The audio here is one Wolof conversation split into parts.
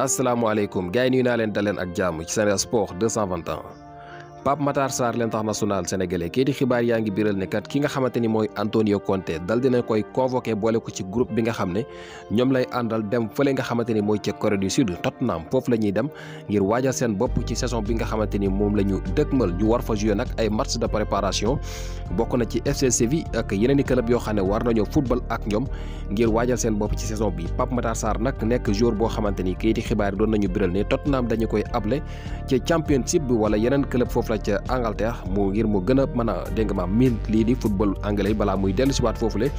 asalaamaaleykum gars yi nuyu naa leen daleen ak jàmm ci Sen Sport 221 Pape Matar Sarr l'international sénégalais kii di xibaar yaa ngi biral ne kat ki nga xamante ni mooy Antonio Conte dal dina koy convoqué boole ko ci groupe bi nga xam ne ñoom lay àndal dem fële nga xamante ni mooy ca Corée du Sud Tottenham foofu la dem ngir waajal seen bopp ci saison bi nga xamante ni moom la ñu dëgmal ñu war fa jouer nag ay match de préparation bokk na ci FC Séville ak yeneen i club yoo xam ne war nañoo football ak ñoom ngir waajal seen bopp ci saison bi Pape Matar Sarr nekk joueur boo xamante ni kii di xibaar doon nañu biral ne Tottenham dañu koy able ci championship foofu la ca Angleterre mu ngir mu gën a mën miin lii di football anglais balaa muy dellu siwaat foofu le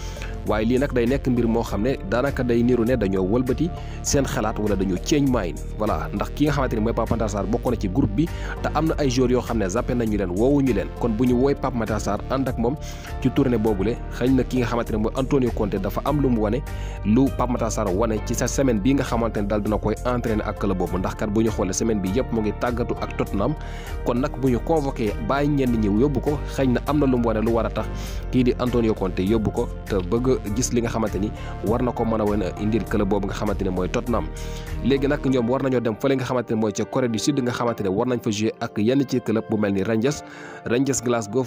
waaye lii nag day nekk mbir moo xam ne daanaka day niru ne dañoo wëlbati seen xalaat wala dañoo change mind voilà ndax ki nga xamante mooy Pape Matar Sarr ci groupe bi te am na ay joueurs yoo xam ne zappé nañu leen woowuñu leen kon bu ñu wooy Pape Matar Sarr ànd ak moom ci tournée boobule xëy na ki nga xamante ne mooy Antonio Conte dafa am lu mu wane bi nga xamante ne daal dina koy entraîner ak club boobu ndax kat bu ñu xoolee semaine convoqué bàyyi ñenn ñi yóbbu ko xëy na am na lu mu wane lu war a tax kii di Antonio Conte yóbbu ko te bëgg gis li nga xamante ni war na ko mën a wane indil club boobu nga xamante ne mooy Tottenham léegi nag ñoom war nañoo dem fële nga xamante ne mooy ca Corée du Sud nga xamante ne war nañ fa jouer ak yenn ci club bu mel ni Rangers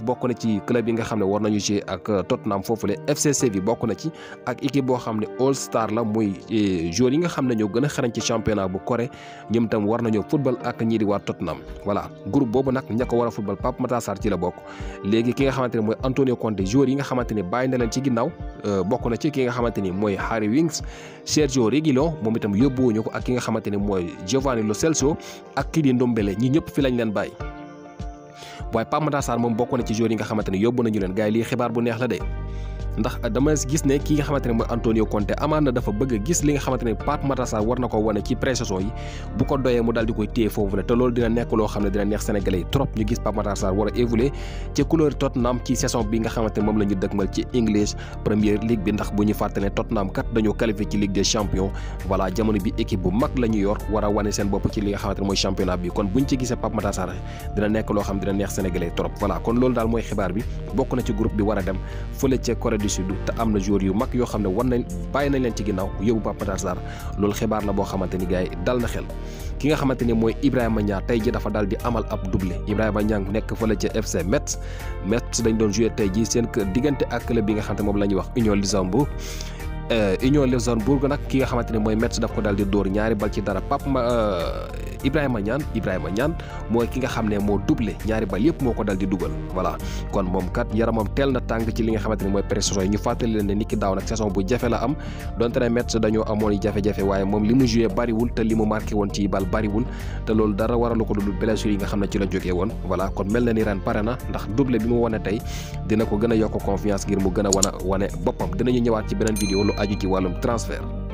bokk na ci club yi nga xam ne war nañu jouer ak Tottenham foofule FC Séville bokk na ci ak équipe boo xam ne All Star la muy eh, joueurs yi nga xam ne ñoo gën a xarañ ci championnat bu Corée ñoom tam war nañoo football ak ñii di waa Tottenham voilà groupe boobu nag ko war a football Pape Matar ci la bokk léegi ki nga xamante ne mooy Antonio Conte joueur yi nga xamante ne bàyyi na leen ci ginnaaw euh, bokk na ci ki nga xamante ni mooy Harry Winks Sergio lo moom itam yóbbuwuñu ko ak ki nga xamante ne mooy Giovanni Lo Celso ak kii di Ndombele ñi ñëpp fi lañ leen bàyyi waaye Pape Matar Sarr moom bokk na ci joueur yi nga xamante ne yóbbu nañu leen gars yi lii xibaar bu neex la de ndax dama gis ne ki nga xamante ne mooy Antonio Conte amaan na dafa bëgg a gis li nga xamante ne Pape war na ko wane ci pré-saison yi bu ko doyee mu daal di koy téye foofu la te loolu dina nekk loo xam ne dina neex Sénégalais trop ñu gis Pape Matar war a évoluer ci couleur Tottenham ci saison bi nga xamante moom la ñu dëkkmal ci English Premier League bi ndax bu ñu fàttane Tottenham kat dañoo qualifié ci Ligue des Champions voilà jamono bi équipe bu mag la a wane seen bopp ci li nga xamante ne mooy championnat bi kon buñ ci gisee Pape Matar Sarr dina nekk loo xam ne dina bokk na blessure te am na joueur yu mag yoo xam ne war nañ bàyyi nañ leen ci ginnaaw yóbbu Pape Matar loolu xibaar la boo xamante ni gars yi dal na xel ki nga xamante ni mooy Ibrahima Niang tey ji dafa daal di amal ab doublé Ibrahima Niang nekk fële ca FC Metz Metz dañ doon joué tey ji seen diggante ak club bi nga xamante moom la ñuy wax Union Luxembourg Euh, Union Luxembourg nag ki nga xamante ne mooy Metz daf ko daal di dóor ñaari bal ci dara Pape euh, Ibrahima Niane Ibrahima Niane mooy ki nga xam ne moo doublé ñaari bal yëpp moo ko dal di dugal voilà kon moom kat moom teel na tànk ci li nga xamante ne mooy pré-saison ñu fàttali leen ne nikki ki daaw nag saison bu jafe la am donte ne Metz dañoo amoon jafe-jafe waaye moom li mu joué bariwul te li mu marqué woon ci bal bariwul te loolu dara waralu ko dul blessure yi nga xam ne ci la jógee woon voilà kon mel na ni ren pare na ndax doublé bi mu wane tey dina ko gën a yokk confiance ngir mu gën a wane wane boppam ñëwaat ci beneen vidéo adquirir walum transfer.